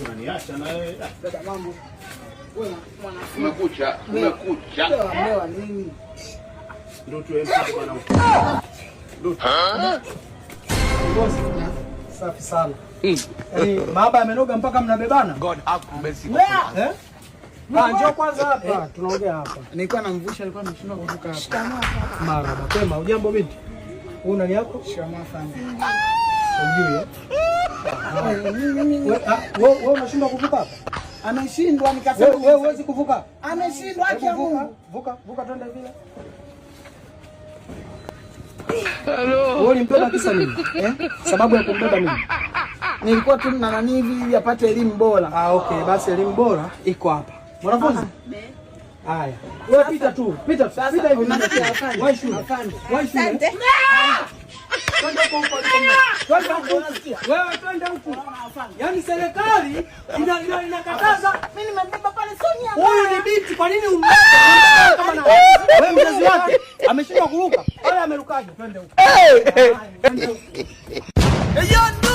unaniacha na wewe. Dada mambo. Wewe mwanafunzi. Umekucha, umekucha. Umewa nini? Ndio tu hapo bwana. Ndio. Ah. Safi sana. Mm. Yaani baba amenoga mpaka mnabebana. God have mercy. Eh? Ah, njoo kwanza hapa. Eh? Tunaongea hapa. Nilikuwa namvusha, alikuwa anashindwa kuvuka hapa. Shikamoo baba. Marhaba. Kwema, hujambo binti? Una yako? Shikamoo sana. Unjui. Eh? Ah, wewe unashindwa kuvuka Ameshindwa nikasema wewe huwezi kuvuka. Ameshindwa haki ya Mungu. Vuka, vuka twende vile. Hello. Wewe ulimpenda kisa nini? Eh? Sababu ya kumbeba mimi. Nilikuwa tu na nani hivi ili apate elimu bora. Ah, okay, basi elimu bora iko hapa. Mwanafunzi? Ah, Haya. Wewe pita tu. Pita Pita hivi. Waishu. Waishu. Asante. Twende kwa upande wewe twende huku. Yaani serikali inakataza. Mimi nimebeba pale Sonia. Huyu ni binti, kwa nini umbebe? Wewe mzazi wake ameshindwa kuruka. Pale amerukaje? Twende huku.